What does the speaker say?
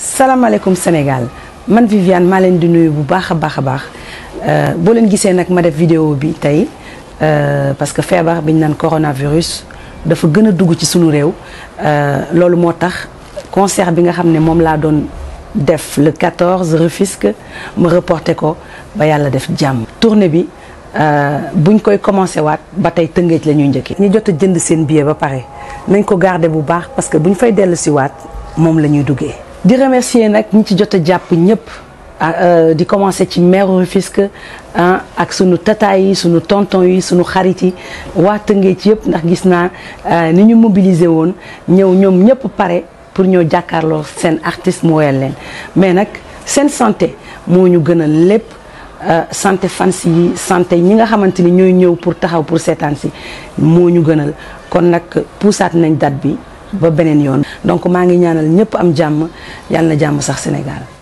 salaamaaleykum Sénégal man Viviane maa leen di nuyu bu baax a baax a baax euh, boo leen gisee nag ma def vidéo bi tey euh, parce que feebar bi ñu naan coronavirus dafa gën a dugg ci suñu réew euh, loolu moo tax concert bi nga xam ne moom laa doon def le 14 Rufisque ma reporté ko ba yàlla def jàmm. tournée bi buñ koy commencé waat ba tey tëngéej la ñuy njëkkee. ñu jot a jënd seen billet ba pare nañ ko garde bu baax parce que buñ fay dellu si waat moom la ñuy duggee. di remercier nag ñi ci jot a jàpp ñëpp ah, euh, di commencer ci maire Rufisque ah, ak sunu tata yi sunu tonton yi sunu xarit yi waa ci yëpp ndax gis naa euh, ni ñu mobiliser woon ñëw ñoom ñëpp pare pour ñëw jàkkaarloo seen artiste mu woyal leen mais nag seen santé moo ñu gën a lépp euh, santé fans yi santé ñi nga xamante ni ñooy ñëw pour taxaw pour seetaan si moo ñu gënal kon nag puusaat nañ date bi ba beneen yoon donc maa ngi ñaanal ñëpp am jàmm yàlla na jàmm sax Sénégal